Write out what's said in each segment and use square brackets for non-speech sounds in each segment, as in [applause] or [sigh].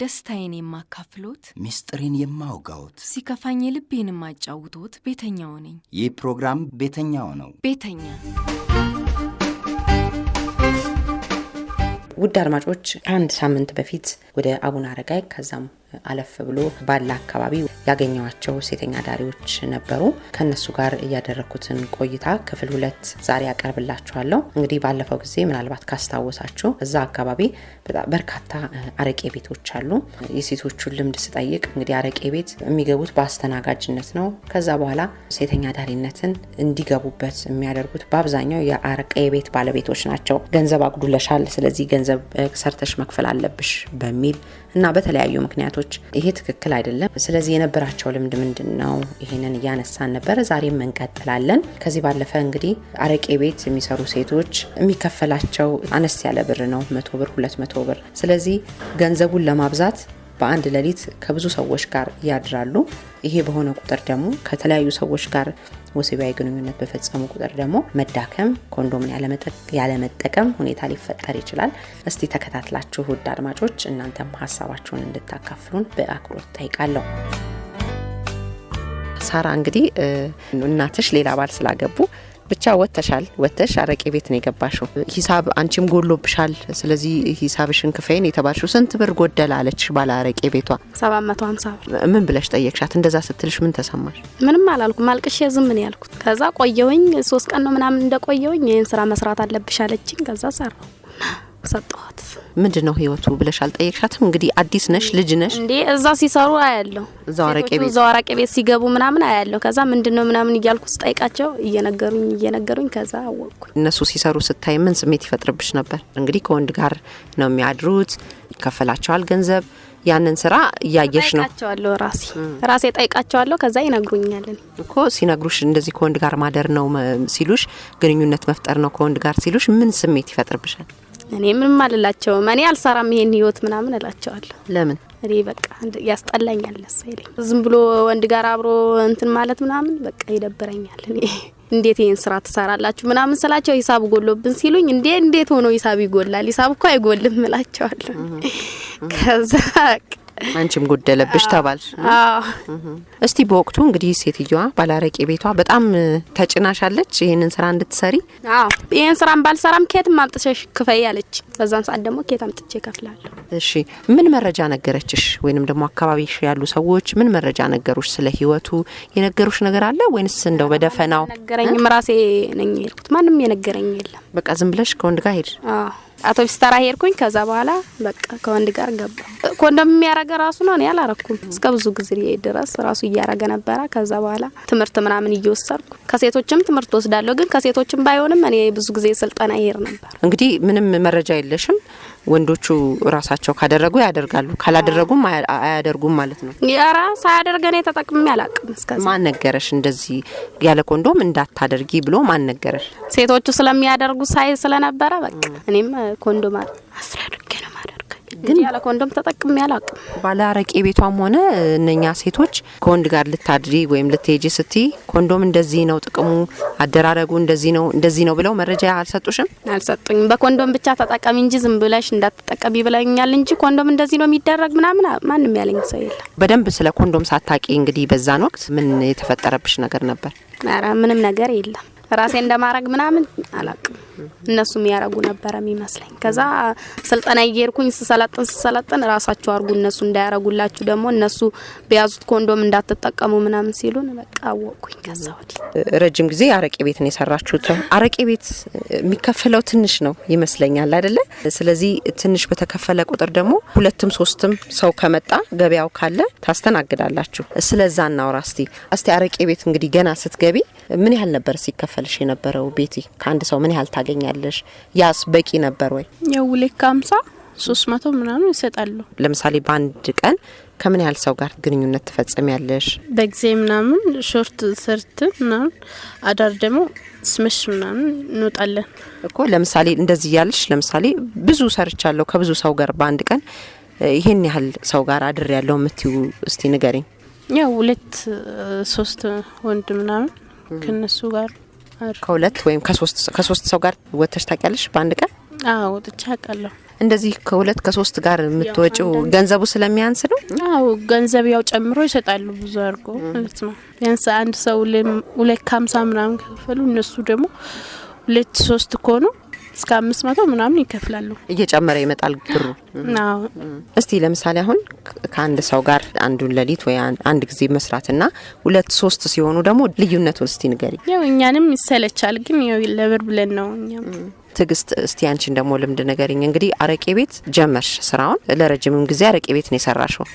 ደስታዬን የማካፍሎት፣ ሚስጥሬን የማውጋዎት፣ ሲከፋኝ ልቤን የማጫውቶት ቤተኛው ነኝ። ይህ ፕሮግራም ቤተኛው ነው። ቤተኛ ውድ አድማጮች ከአንድ ሳምንት በፊት ወደ አቡነ አረጋይ ከዛም አለፍ ብሎ ባለ አካባቢ ያገኘዋቸው ሴተኛ አዳሪዎች ነበሩ። ከነሱ ጋር እያደረግኩትን ቆይታ ክፍል ሁለት ዛሬ ያቀርብላችኋለሁ። እንግዲህ ባለፈው ጊዜ ምናልባት ካስታወሳችሁ እዛ አካባቢ በጣም በርካታ አረቄ ቤቶች አሉ። የሴቶቹን ልምድ ስጠይቅ እንግዲህ አረቄ ቤት የሚገቡት በአስተናጋጅነት ነው። ከዛ በኋላ ሴተኛ አዳሪነትን እንዲገቡበት የሚያደርጉት በአብዛኛው የአረቄ ቤት ባለቤቶች ናቸው። ገንዘብ አጉዱለሻል፣ ስለዚህ ገንዘብ ሰርተሽ መክፈል አለብሽ በሚል እና በተለያዩ ምክንያቶች ይሄ ትክክል አይደለም። ስለዚህ የነበራቸው ልምድ ምንድን ነው? ይሄንን እያነሳን ነበረ፣ ዛሬም እንቀጥላለን። ከዚህ ባለፈ እንግዲህ አረቄ ቤት የሚሰሩ ሴቶች የሚከፈላቸው አነስ ያለ ብር ነው፣ መቶ ብር፣ ሁለት መቶ ብር። ስለዚህ ገንዘቡን ለማብዛት በአንድ ሌሊት ከብዙ ሰዎች ጋር ያድራሉ። ይሄ በሆነ ቁጥር ደግሞ ከተለያዩ ሰዎች ጋር ወሲባዊ ግንኙነት በፈጸሙ ቁጥር ደግሞ መዳከም፣ ኮንዶምን ያለመጠቀም ሁኔታ ሊፈጠር ይችላል። እስቲ ተከታትላችሁ ውድ አድማጮች እናንተም ሀሳባችሁን እንድታካፍሉን በአክብሮት ጠይቃለሁ። ሳራ እንግዲህ እናትሽ ሌላ ባል ስላገቡ ብቻ ወጥተሻል። ወጥተሽ አረቄ ቤት ነው የገባሽው። ሂሳብ አንቺም ጎሎብሻል። ስለዚህ ሂሳብሽን ክፈይን የተባልሽው ስንት ብር ጎደል አለችሽ ባለ አረቄ ቤቷ? ሰባት መቶ ሀምሳ ብር። ምን ብለሽ ጠየቅሻት? እንደዛ ስትልሽ ምን ተሰማሽ? ምንም አላልኩ፣ አልቅሽ የዝም ነው ያልኩት። ከዛ ቆየውኝ ሶስት ቀን ነው ምናምን እንደቆየውኝ ይህን ስራ መስራት አለብሽ አለችኝ። ከዛ ሰራው ሰጠኋት። ምንድን ነው ህይወቱ ብለሽ አልጠየቅሻትም? እንግዲህ አዲስ ነሽ፣ ልጅ ነሽ እንዴ? እዛ ሲሰሩ አያለሁ፣ እዛው አረቄ ቤት እዛው አረቄ ቤት ሲገቡ ምናምን አያለሁ። ከዛ ምንድን ነው ምናምን እያልኩ ስጠይቃቸው እየነገሩኝ እየነገሩኝ ከዛ አወቅኩ። እነሱ ሲሰሩ ስታይ ምን ስሜት ይፈጥርብሽ ነበር? እንግዲህ ከወንድ ጋር ነው የሚያድሩት፣ ይከፈላቸዋል ገንዘብ ያንን ስራ እያየሽ ነው። ጠይቃቸዋለሁ ራሴ ራሴ ጠይቃቸዋለሁ። ከዛ ይነግሩኛል እኮ ሲነግሩሽ፣ እንደዚህ ከወንድ ጋር ማደር ነው ሲሉሽ፣ ግንኙነት መፍጠር ነው ከወንድ ጋር ሲሉሽ ምን ስሜት ይፈጥርብሻል? እኔ ምንም አልላቸውም። እኔ አልሰራም ይሄን ህይወት ምናምን እላቸዋለሁ። ለምን እኔ በቃ ያስጠላኛል። ስ ይለኝ ዝም ብሎ ወንድ ጋር አብሮ እንትን ማለት ምናምን በቃ ይደብረኛል። እኔ እንዴት ይህን ስራ ትሰራላችሁ ምናምን ስላቸው ሂሳብ ጎሎብን ሲሉኝ እንዴ እንዴት ሆኖ ሂሳብ ይጎላል? ሂሳብ እኮ አይጎልም እላቸዋለሁ። ከዛ አንቺም ጎደለብሽ ተባልሽ። እስቲ በወቅቱ እንግዲህ ሴትዮዋ ባላረቄ ቤቷ በጣም ተጭናሻለች ይህንን ስራ እንድትሰሪ። ይህን ስራን ባልሰራም ኬት አምጥተሽ ክፈይ አለች። በዛን ሰዓት ደግሞ ኬት አምጥቼ ከፍላለሁ። እሺ ምን መረጃ ነገረችሽ? ወይንም ደግሞ አካባቢሽ ያሉ ሰዎች ምን መረጃ ነገሩሽ? ስለ ህይወቱ የነገሩሽ ነገር አለ ወይንስ እንደው በደፈናው? ነገረኝም ራሴ ነኝ የሄድኩት። ማንም የነገረኝ የለም። በቃ ዝም ብለሽ ከወንድ ጋር ሄድ አውቶቢስ ተራ ሄድኩኝ። ከዛ በኋላ በቃ ከወንድ ጋር ገባ። ኮንዶም የሚያረገ ራሱ ነው፣ እኔ አላረኩም። እስከ ብዙ ጊዜ ድረስ ራሱ እያረገ ነበረ። ከዛ በኋላ ትምህርት ምናምን እየወሰድኩ ከሴቶችም ትምህርት ወስዳለሁ፣ ግን ከሴቶችም ባይሆንም እኔ ብዙ ጊዜ ስልጠና ይሄድ ነበር። እንግዲህ ምንም መረጃ የለሽም ወንዶቹ ራሳቸው ካደረጉ ያደርጋሉ፣ ካላደረጉም አያደርጉም ማለት ነው። ያራ አያደርገን እኔ ተጠቅሜ አላቅም። እስከዛ ማን ነገረሽ እንደዚህ ያለ ኮንዶም እንዳታደርጊ ብሎ ማን ነገረሽ? ሴቶቹ ስለሚያደርጉ ሳይ ስለነበረ በቃ እኔም ኮንዶም አስረድ ግን ያለ ኮንዶም ተጠቅሜ አላውቅም። ባለ አረቄ ቤቷም ሆነ እነኛ ሴቶች ከወንድ ጋር ልታድሪ ወይም ልትሄጂ ስቲ ኮንዶም እንደዚህ ነው ጥቅሙ፣ አደራረጉ እንደዚህ ነው እንደዚህ ነው ብለው መረጃ አልሰጡሽም? አልሰጡኝም። በኮንዶም ብቻ ተጠቀሚ እንጂ ዝም ብለሽ እንዳትጠቀሚ ብለኛል እንጂ ኮንዶም እንደዚህ ነው የሚደረግ ምናምን ማንም ያለኝ ሰው የለም። በደንብ ስለ ኮንዶም ሳታቂ እንግዲህ በዛን ወቅት ምን የተፈጠረብሽ ነገር ነበር? ኧረ ምንም ነገር የለም። ራሴ እንደማድረግ ምናምን አላቅም። እነሱ የሚያረጉ ነበረ የሚመስለኝ። ከዛ ስልጠና እየሄድኩኝ ስሰለጥን ስሰለጥን ራሳቸው አርጉ እነሱ እንዳያረጉላችሁ ደግሞ እነሱ በያዙት ኮንዶም እንዳትጠቀሙ ምናምን ሲሉን በቃ አወቅኩኝ። ከዛ ወዲህ ረጅም ጊዜ አረቄ ቤት ነው የሰራችሁት። አረቄ ቤት የሚከፈለው ትንሽ ነው ይመስለኛል አይደለ? ስለዚህ ትንሽ በተከፈለ ቁጥር ደግሞ ሁለትም ሶስትም ሰው ከመጣ ገበያው ካለ ታስተናግዳላችሁ። ስለዛ እናውራ እስቲ እስቲ አረቄ ቤት እንግዲህ ገና ስትገቢ ምን ያህል ነበር ሲከፈልሽ የነበረው ቤቲ? ከአንድ ሰው ምን ያህል ታገኛለሽ? ያስ በቂ ነበር ወይ? ያው ልክ ሀምሳ ሶስት መቶ ምናምን ይሰጣሉ። ለምሳሌ በአንድ ቀን ከምን ያህል ሰው ጋር ግንኙነት ትፈጽሚያለሽ? በጊዜ ምናምን ሾርት ሰርት ምናምን፣ አዳር ደግሞ ስመሽ ምናምን እንወጣለን እኮ። ለምሳሌ እንደዚህ እያልሽ ለምሳሌ ብዙ ሰርቻለሁ ከብዙ ሰው ጋር በአንድ ቀን ይሄን ያህል ሰው ጋር አድር ያለው የምትዩ እስቲ ንገሪኝ። ያው ሁለት ሶስት ወንድ ምናምን ከነሱ ጋር ከሁለት ወይም ከሶስት ሰው ጋር ወጥተሽ ታውቂያለሽ? በአንድ ቀን ወጥቼ አውቃለሁ። እንደዚህ ከሁለት ከሶስት ጋር የምትወጪው ገንዘቡ ስለሚያንስ ነው? አዎ ገንዘብ ያው ጨምሮ ይሰጣሉ ብዙ አድርጎ ማለት ነው። ቢያንስ አንድ ሰው ሁለት ከሀምሳ ምናምን ከፈሉ እነሱ ደግሞ ሁለት ሶስት ከሆኑ እስከ አምስት መቶ ምናምን ይከፍላሉ። እየጨመረ ይመጣል ብሩ። እስቲ ለምሳሌ አሁን ከአንድ ሰው ጋር አንዱን ሌሊት ወይ አንድ ጊዜ መስራትና ሁለት ሶስት ሲሆኑ ደግሞ ልዩነቱን እስቲ ንገሪ። ያው እኛንም ይሰለቻል፣ ግን ያው ለብር ብለን ነው እኛም ትግስት እስቲ አንቺን ደግሞ ልምድ ነገርኝ። እንግዲህ አረቄ ቤት ጀመርሽ ስራውን። ለረጅምም ጊዜ አረቄ ቤት ነው የሰራሽው።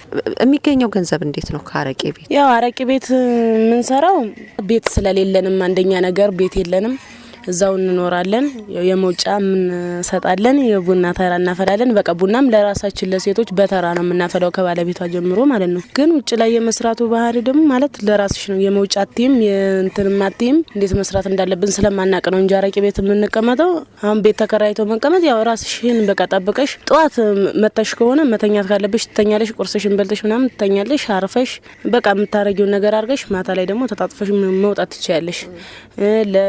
የሚገኘው ገንዘብ እንዴት ነው ከአረቄ ቤት? ያው አረቄ ቤት የምንሰራው ቤት ስለሌለንም አንደኛ ነገር ቤት የለንም እዛው እንኖራለን። የመውጫ እንሰጣለን፣ የቡና ተራ እናፈላለን። በቃ ቡናም ለራሳችን ለሴቶች በተራ ነው የምናፈላው ከባለቤቷ ጀምሮ ማለት ነው። ግን ውጭ ላይ የመስራቱ ባህሪ ደግሞ ማለት ለራስሽ ነው። የመውጫ ቲም የእንትንም አቲም እንዴት መስራት እንዳለብን ስለማናቅ ነው እንጂ አረቂ ቤት የምንቀመጠው። አሁን ቤት ተከራይቶ መቀመጥ ያው ራስሽን በቃ ጠብቀሽ ጠዋት መተሽ ከሆነ መተኛት ካለብሽ ትተኛለሽ። ቁርስሽን በልተሽ ምናምን ትተኛለሽ። አርፈሽ በቃ የምታረጊውን ነገር አርገሽ ማታ ላይ ደግሞ ተጣጥፈሽ መውጣት ትችያለሽ።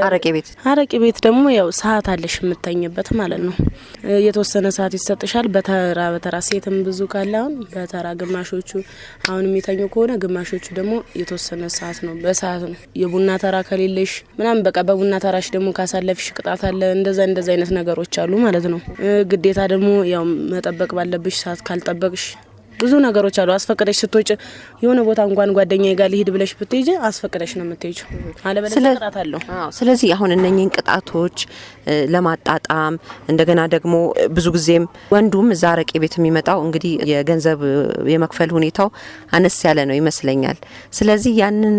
አረቄ ቤት አረቂ ቤት ደግሞ ያው ሰዓት አለሽ የምታኝበት ማለት ነው። የተወሰነ ሰዓት ይሰጥሻል። በተራ በተራ ሴትም ብዙ ካለ አሁን በተራ ግማሾቹ አሁን የሚተኙ ከሆነ ግማሾቹ ደግሞ የተወሰነ ሰዓት ነው፣ በሰዓት ነው። የቡና ተራ ከሌለሽ ምናምን በቃ በቡና ተራሽ ደግሞ ካሳለፍሽ ቅጣት አለ። እንደዛ እንደዛ አይነት ነገሮች አሉ ማለት ነው። ግዴታ ደግሞ ያው መጠበቅ ባለብሽ ሰዓት ካልጠበቅሽ ብዙ ነገሮች አሉ። አስፈቅደሽ ስትወጭ የሆነ ቦታ እንኳን ጓደኛ ጋር ሊሄድ ብለሽ ብትሄጂ አስፈቅደሽ ነው የምትሄጂው፣ አለበለዚያ ቅጣት አለው። ስለዚህ አሁን እነኚህን ቅጣቶች ለማጣጣም እንደገና ደግሞ ብዙ ጊዜም ወንዱም እዛ አረቄ ቤት የሚመጣው እንግዲህ የገንዘብ የመክፈል ሁኔታው አነስ ያለ ነው ይመስለኛል። ስለዚህ ያንን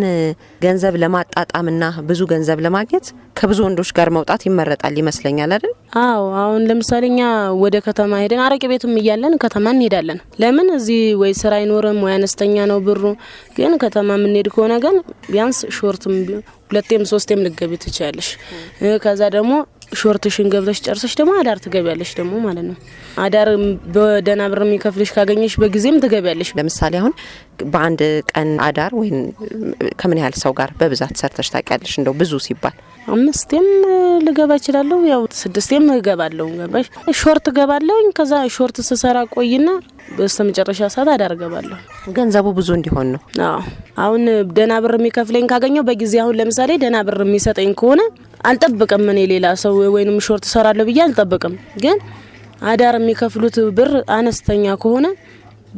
ገንዘብ ለማጣጣምና ብዙ ገንዘብ ለማግኘት ከብዙ ወንዶች ጋር መውጣት ይመረጣል ይመስለኛል አይደል? አዎ። አሁን ለምሳሌ እኛ ወደ ከተማ ሄደን አረቄ ቤትም እያለን ከተማ እንሄዳለን። ለምን እዚህ እዚህ ወይ ስራ አይኖርም ወይ አነስተኛ ነው ብሩ። ግን ከተማ የምንሄድ ከሆነ ግን ቢያንስ ሾርትም ሁለቴም ሶስቴም ልገቢ ትችያለሽ። ከዛ ደግሞ ሾርትሽን ገብተሽ ጨርሰሽ ደግሞ አዳር ትገቢያለሽ ደግሞ ማለት ነው። አዳር በደህና ብር የሚከፍልሽ ካገኘሽ በጊዜም ትገቢያለሽ። ለምሳሌ አሁን በአንድ ቀን አዳር ወይም ከምን ያህል ሰው ጋር በብዛት ሰርተሽ ታውቂያለሽ? እንደው ብዙ ሲባል አምስቴም ልገባ እችላለሁ፣ ያው ስድስቴም እገባለሁ። ገባሽ? ሾርት እገባለሁ። ከዛ ሾርት ስሰራ ቆይና በስተ መጨረሻ ሰዓት አዳር እገባለሁ። ገንዘቡ ብዙ እንዲሆን ነው። አሁን ደህና ብር የሚከፍለኝ ካገኘው በጊዜ አሁን ለምሳሌ ደህና ብር የሚሰጠኝ ከሆነ አልጠብቅም። እኔ ሌላ ሰው ወይንም ሾርት ሰራለሁ ብዬ አልጠብቅም። ግን አዳር የሚከፍሉት ብር አነስተኛ ከሆነ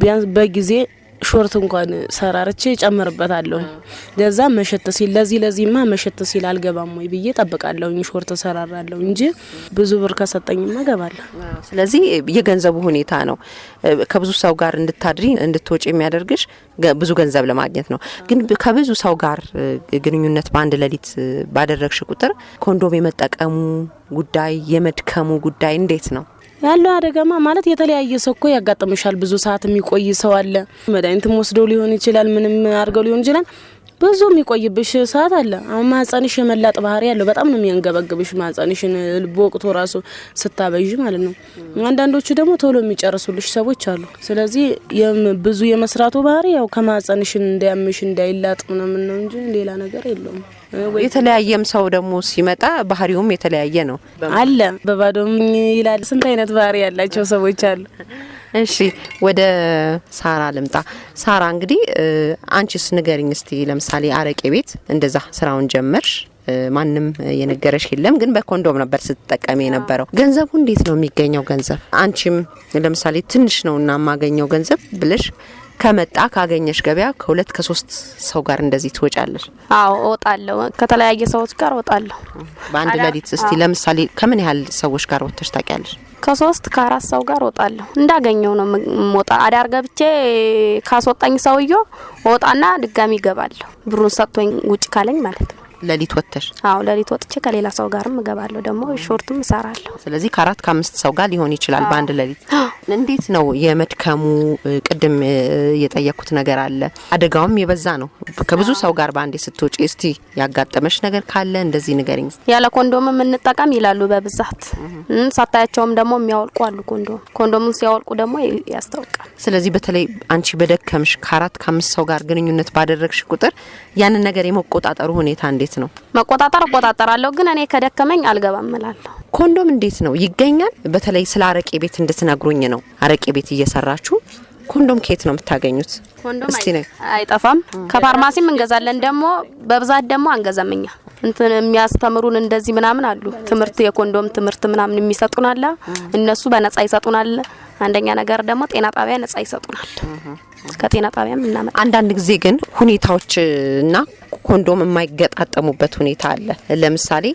ቢያንስ በጊዜ ሾርት እንኳን ሰራርቼ እጨምርበታለሁ። ለዛ መሸት ሲል ለዚህ ለዚህማ መሸት ሲል አልገባም ወይ ብዬ ጠብቃለሁኝ። ሾርት ሰራራለሁ እንጂ ብዙ ብር ከሰጠኝማ እገባለሁ። ስለዚህ የገንዘቡ ሁኔታ ነው ከብዙ ሰው ጋር እንድታድሪ እንድትወጪ የሚያደርግሽ ብዙ ገንዘብ ለማግኘት ነው። ግን ከብዙ ሰው ጋር ግንኙነት በአንድ ሌሊት ባደረግሽ ቁጥር ኮንዶም የመጠቀሙ ጉዳይ የመድከሙ ጉዳይ እንዴት ነው? ያለው አደጋማ ማለት የተለያየ ሰው እኮ ያጋጥምሻል። ብዙ ሰዓት የሚቆይ ሰው አለ። መድኃኒትም ወስደው ሊሆን ይችላል፣ ምንም አድርገው ሊሆን ይችላል። ብዙ የሚቆይብሽ ሰዓት አለ። አሁን ማህፀንሽ የመላጥ ባህሪ ያለው በጣም ነው የሚያንገበግብሽ። ማህፀንሽን በወቅቱ ራሱ ስታበዥ ማለት ነው። አንዳንዶቹ ደግሞ ቶሎ የሚጨርሱልሽ ሰዎች አሉ። ስለዚህ ብዙ የመስራቱ ባህሪ ያው ከማህፀንሽን እንዳያምሽ እንዳይላጥ ምናምን ነው እንጂ ሌላ ነገር የለውም። የተለያየም ሰው ደግሞ ሲመጣ ባህሪውም የተለያየ ነው አለ። በባዶም ይላል። ስንት አይነት ባህሪ ያላቸው ሰዎች አሉ። እሺ ወደ ሳራ ልምጣ። ሳራ እንግዲህ አንቺስ ንገሪኝ እስቲ ለምሳሌ አረቄ ቤት እንደዛ ስራውን ጀመርሽ፣ ማንም የነገረሽ የለም፣ ግን በኮንዶም ነበር ስትጠቀሚ የነበረው። ገንዘቡ እንዴት ነው የሚገኘው? ገንዘብ አንቺም ለምሳሌ ትንሽ ነው እና የማገኘው ገንዘብ ብለሽ ከመጣ ካገኘሽ ገበያ ከሁለት ከሶስት ሰው ጋር እንደዚህ ትወጫለሽ? አዎ እወጣለሁ። ከተለያየ ሰዎች ጋር እወጣለሁ። በአንድ ሌሊት እስቲ ለምሳሌ ከምን ያህል ሰዎች ጋር ወጥተሽ ታውቂያለሽ? ከሶስት ከአራት ሰው ጋር ወጣለሁ። እንዳገኘው ነው ወጣ። አዳር ገብቼ ካስወጣኝ ሰውየ ወጣና ድጋሚ ይገባለሁ። ብሩን ሰጥቶኝ ውጭ ካለኝ ማለት ነው። ለሊት ወጥተሽ? አዎ ለሊት ወጥቼ ከሌላ ሰው ጋርም እገባለሁ። ደግሞ ሾርትም እሰራለሁ። ስለዚህ ከአራት ከአምስት ሰው ጋር ሊሆን ይችላል በአንድ ሌሊት እንዴት ነው የመድከሙ? ቅድም የጠየኩት ነገር አለ። አደጋውም የበዛ ነው። ከብዙ ሰው ጋር በአንዴ ስትወጪ፣ እስቲ ያጋጠመሽ ነገር ካለ እንደዚህ ንገሪኝ። ያለ ኮንዶም የምንጠቀም ይላሉ በብዛት ሳታያቸውም ደግሞ የሚያወልቁ አሉ። ኮንዶም ኮንዶሙን ሲያወልቁ ደግሞ ያስታውቃል። ስለዚህ በተለይ አንቺ በደከምሽ ከአራት ከአምስት ሰው ጋር ግንኙነት ባደረግሽ ቁጥር ያንን ነገር የመቆጣጠሩ ሁኔታ እንዴት ነው? መቆጣጠር እቆጣጠራለሁ፣ ግን እኔ ከደከመኝ አልገባም እላለሁ ኮንዶም እንዴት ነው ይገኛል? በተለይ ስለ አረቄ ቤት እንድትነግሩኝ ነው። አረቄ ቤት እየሰራችሁ ኮንዶም ከየት ነው የምታገኙት? ኮንዶም አይጠፋም። ከፋርማሲም እንገዛለን። ደግሞ በብዛት ደግሞ አንገዛምኛ እንትን የሚያስተምሩን እንደዚህ ምናምን አሉ። ትምህርት የኮንዶም ትምህርት ምናምን የሚሰጡን አለ። እነሱ በነጻ ይሰጡናል። አንደኛ ነገር ደግሞ ጤና ጣቢያ ነጻ ይሰጡናል። ከጤና ጣቢያም እናመጣ። አንዳንድ ጊዜ ግን ሁኔታዎች እና ኮንዶም የማይገጣጠሙበት ሁኔታ አለ። ለምሳሌ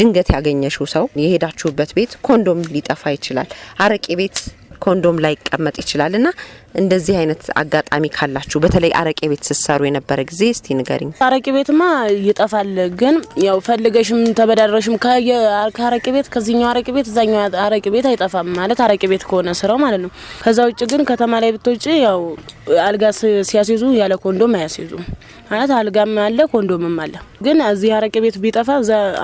ድንገት ያገኘሽው ሰው የሄዳችሁበት ቤት ኮንዶም ሊጠፋ ይችላል። አረቄ ቤት ኮንዶም ላይ ይቀመጥ ይችላል። ና እንደዚህ አይነት አጋጣሚ ካላችሁ በተለይ አረቄ ቤት ስትሰሩ የነበረ ጊዜ እስቲ ንገሪኝ። አረቄ ቤትማ ይጠፋል፣ ግን ያው ፈልገሽም ተበዳድረሽም ከአረቄ ቤት ከዚህኛው አረቄ ቤት እዛኛው አረቄ ቤት አይጠፋም ማለት አረቄ ቤት ከሆነ ስራው ማለት ነው። ከዛ ውጭ ግን ከተማ ላይ ብትወጪ ያው አልጋ ሲያስይዙ ያለ ኮንዶም አያስይዙም ማለት አልጋም አለ ኮንዶምም አለ። ግን እዚህ አረቄ ቤት ቢጠፋ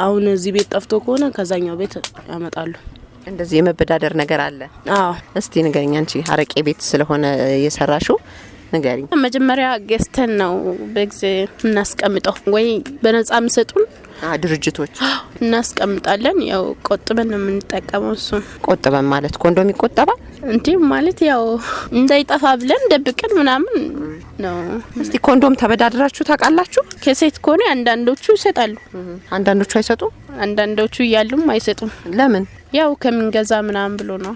አሁን እዚህ ቤት ጠፍቶ ከሆነ ከዛኛው ቤት ያመጣሉ። እንደዚህ የመበዳደር ነገር አለ? አዎ። እስቲ ንገሪኝ አንቺ አረቄ ቤት ስለሆነ የሰራሽው ንገሪኝ። መጀመሪያ ገዝተን ነው በጊዜ እናስቀምጠው ወይ በነጻ የሚሰጡን ድርጅቶች እናስቀምጣለን። ያው ቆጥበን ነው የምንጠቀመው። እሱ ቆጥበን ማለት ኮንዶም ይቆጠባል እንዲ ማለት ያው እንዳይጠፋ ብለን ደብቀን ምናምን ነው። እስቲ ኮንዶም ተበዳድራችሁ ታውቃላችሁ? ከሴት ከሆነ አንዳንዶቹ ይሰጣሉ፣ አንዳንዶቹ አይሰጡም። አንዳንዶቹ እያሉም አይሰጡም። ለምን? ያው ከምንገዛ ምናምን ብሎ ነው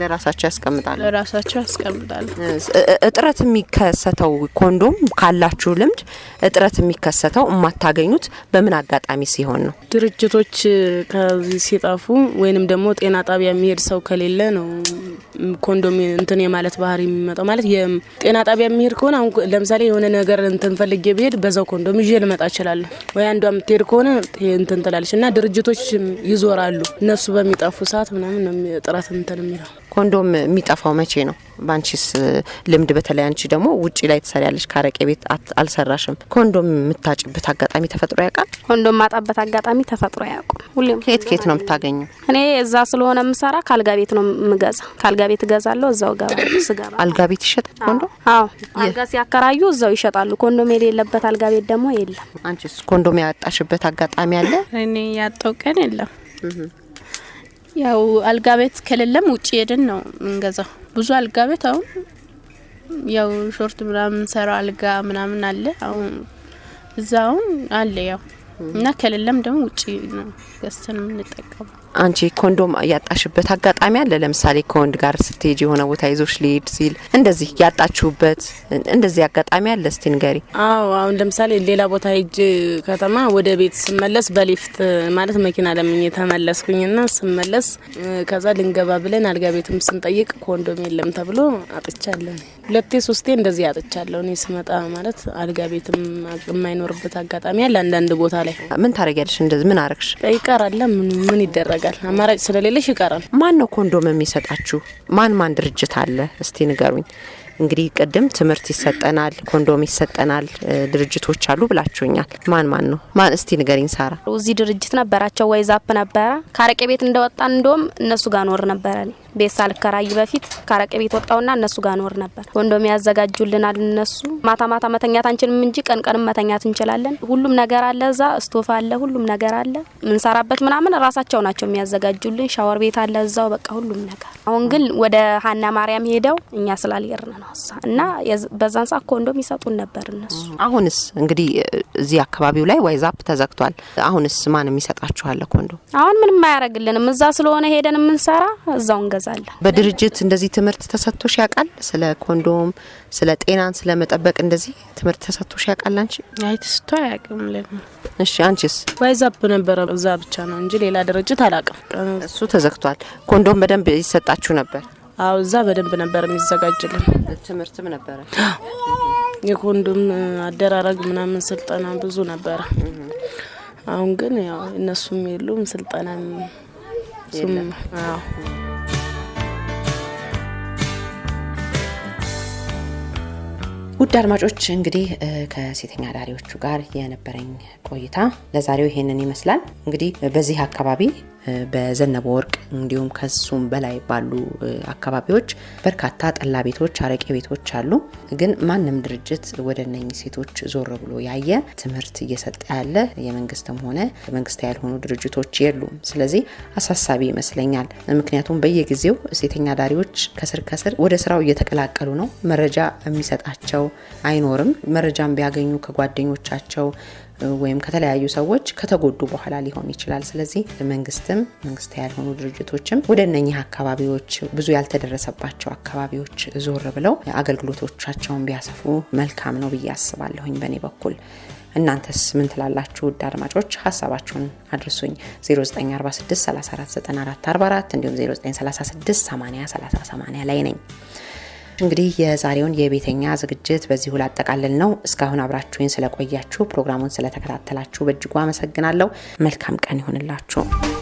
ለራሳቸው ያስቀምጣሉ። ለራሳቸው ያስቀምጣሉ። እጥረት የሚከሰተው ኮንዶም ካላችሁ ልምድ እጥረት የሚከሰተው የማታገኙት በምን አጋጣሚ ሲሆን ነው? ድርጅቶች ከዚህ ሲጠፉ ወይንም ደግሞ ጤና ጣቢያ የሚሄድ ሰው ከሌለ ነው ኮንዶም እንትን የማለት ባህሪ የሚመጣው። ማለት ጤና ጣቢያ የሚሄድ ከሆነ አሁን ለምሳሌ የሆነ ነገር እንትን ፈልጌ ብሄድ በዛው ኮንዶም ይዤ ልመጣ እችላለሁ። ወይ አንዷ የምትሄድ ከሆነ እንትን ትላለች እና ድርጅቶች ይዞራሉ እነሱ በሚጠፉ ሰዓት ምናምን ጥረት እንትን የሚለው ኮንዶም የሚጠፋው መቼ ነው? በአንቺስ ልምድ በተለይ አንቺ ደግሞ ውጭ ላይ ትሰሪያለሽ፣ ካረቄ ቤት አልሰራሽም። ኮንዶም የምታጭበት አጋጣሚ ተፈጥሮ ያውቃል? ኮንዶም ማጣበት አጋጣሚ ተፈጥሮ ያውቁም። ሁሌም ኬት ኬት ነው የምታገኘው? እኔ እዛ ስለሆነ የምሰራ ከአልጋ ቤት ነው የምገዛ። ከአልጋ ቤት እገዛለሁ፣ እዛው ገባ ስገባ። አልጋ ቤት ይሸጣል ኮንዶም? አዎ፣ አልጋ ሲያከራዩ እዛው ይሸጣሉ። ኮንዶም የሌለበት አልጋ ቤት ደግሞ የለም። አንቺስ ኮንዶም ያጣሽበት አጋጣሚ አለ? እኔ ያጣው ቀን የለም ያው አልጋ ቤት ከሌለም ውጭ ሄደን ነው እንገዛው። ብዙ አልጋ ቤት አሁን ያው ሾርት ምናምን ሰራ አልጋ ምናምን አለ አሁን እዛ አሁን አለ ያው እና ከሌለም ደግሞ ውጭ ነው ገዝተን የምንጠቀመው። አንቺ ኮንዶም ያጣሽበት አጋጣሚ አለ? ለምሳሌ ከወንድ ጋር ስትሄጅ የሆነ ቦታ ይዞሽ ሊሄድ ሲል እንደዚህ ያጣችሁበት እንደዚህ አጋጣሚ አለ? እስቲ ንገሪ። አዎ፣ አሁን ለምሳሌ ሌላ ቦታ ሄጅ ከተማ ወደ ቤት ስመለስ በሊፍት ማለት መኪና ለምኝ የተመለስኩኝና ስመለስ ከዛ ልንገባ ብለን አልጋ ቤትም ስንጠይቅ ኮንዶም የለም ተብሎ አጥቻለን። ሁለቴ ሶስቴ እንደዚህ አጥቻለሁ። እኔ ስመጣ ማለት አልጋ ቤትም የማይኖርበት አጋጣሚ አለ። አንዳንድ ቦታ ላይ ምን ታደረጊያለሽ? እንደዚህ ምን አረግሽ? ይቀራል። ምን ይደረጋል? አማራጭ ስለሌለሽ ይቀራል። ማን ነው ኮንዶም የሚሰጣችሁ? ማን ማን ድርጅት አለ? እስቲ ንገሩኝ። እንግዲህ ቅድም ትምህርት ይሰጠናል፣ ኮንዶም ይሰጠናል፣ ድርጅቶች አሉ ብላችሁኛል። ማን ማን ነው ማን? እስቲ ንገሪኝ ሳራ። እዚህ ድርጅት ነበራቸው፣ ወይዛፕ ነበረ። ከአረቄ ቤት እንደወጣን እንደውም እነሱ ጋር ኖር ነበረ ቤት ሳልከራይ በፊት ካረቄ ቤት ወጣውና እነሱ ጋር ኖር ነበር። ኮንዶም ያዘጋጁልናል እነሱ። ማታ ማታ መተኛት አንችልም እንጂ ቀን ቀንም መተኛት እንችላለን። ሁሉም ነገር አለ እዛ፣ ስቶፍ አለ፣ ሁሉም ነገር አለ። ምንሰራበት ምናምን ራሳቸው ናቸው የሚያዘጋጁልን። ሻወር ቤት አለ እዛው፣ በቃ ሁሉም ነገር። አሁን ግን ወደ ሀና ማርያም ሄደው እኛ ስላልየርን ነው እና በዛን ሰዓት ኮንዶም ይሰጡን ነበር እነሱ። አሁንስ እንግዲህ እዚህ አካባቢው ላይ ዋይዛፕ ተዘግቷል። አሁንስ ማንም ይሰጣችኋል ኮንዶም? አሁን ምንም አያደርግልንም። እዛ ስለሆነ ሄደን የምንሰራ እዛው ገዛ እንገዛለን። በድርጅት እንደዚህ ትምህርት ተሰጥቶሽ ያውቃል? ስለ ኮንዶም፣ ስለ ጤናን ስለ መጠበቅ እንደዚህ ትምህርት ተሰጥቶሽ ያውቃል? አንቺ አይ ተስቶ አያውቅም። እሺ አንቺስ? ዋይዛፕ ነበረ እዛ ብቻ ነው እንጂ ሌላ ድርጅት አላውቅም። እሱ ተዘግቷል። ኮንዶም በደንብ ይሰጣችሁ ነበር? አዎ እዛ በደንብ ነበር የሚዘጋጅልን። ትምህርትም ነበረ [gasps] የኮንዶም አደራረግ ምናምን ስልጠና ብዙ ነበረ። አሁን ግን ያው እነሱም የሉም አዎ ውድ አድማጮች እንግዲህ ከሴተኛ አዳሪዎቹ ጋር የነበረኝ ቆይታ ለዛሬው ይሄንን ይመስላል። እንግዲህ በዚህ አካባቢ በዘነበ ወርቅ እንዲሁም ከሱም በላይ ባሉ አካባቢዎች በርካታ ጠላ ቤቶች፣ አረቄ ቤቶች አሉ። ግን ማንም ድርጅት ወደ እነኚህ ሴቶች ዞር ብሎ ያየ ትምህርት እየሰጠ ያለ የመንግስትም ሆነ መንግስታዊ ያልሆኑ ድርጅቶች የሉም። ስለዚህ አሳሳቢ ይመስለኛል። ምክንያቱም በየጊዜው ሴተኛ ዳሪዎች ከስር ከስር ወደ ስራው እየተቀላቀሉ ነው። መረጃ የሚሰጣቸው አይኖርም። መረጃም ቢያገኙ ከጓደኞቻቸው ወይም ከተለያዩ ሰዎች ከተጎዱ በኋላ ሊሆን ይችላል። ስለዚህ መንግስትም መንግስት ያልሆኑ ድርጅቶችም ወደ እነኚህ አካባቢዎች ብዙ ያልተደረሰባቸው አካባቢዎች ዞር ብለው አገልግሎቶቻቸውን ቢያሰፉ መልካም ነው ብዬ አስባለሁኝ በእኔ በኩል። እናንተስ ምን ትላላችሁ? ውድ አድማጮች ሀሳባችሁን አድርሱኝ። 0946 349444 እንዲሁም 0936 80 30 80 ላይ ነኝ። እንግዲህ የዛሬውን የቤተኛ ዝግጅት በዚሁ ላጠቃልል ነው። እስካሁን አብራችሁኝ ስለቆያችሁ ፕሮግራሙን ስለተከታተላችሁ በእጅጉ አመሰግናለሁ። መልካም ቀን ይሁንላችሁ።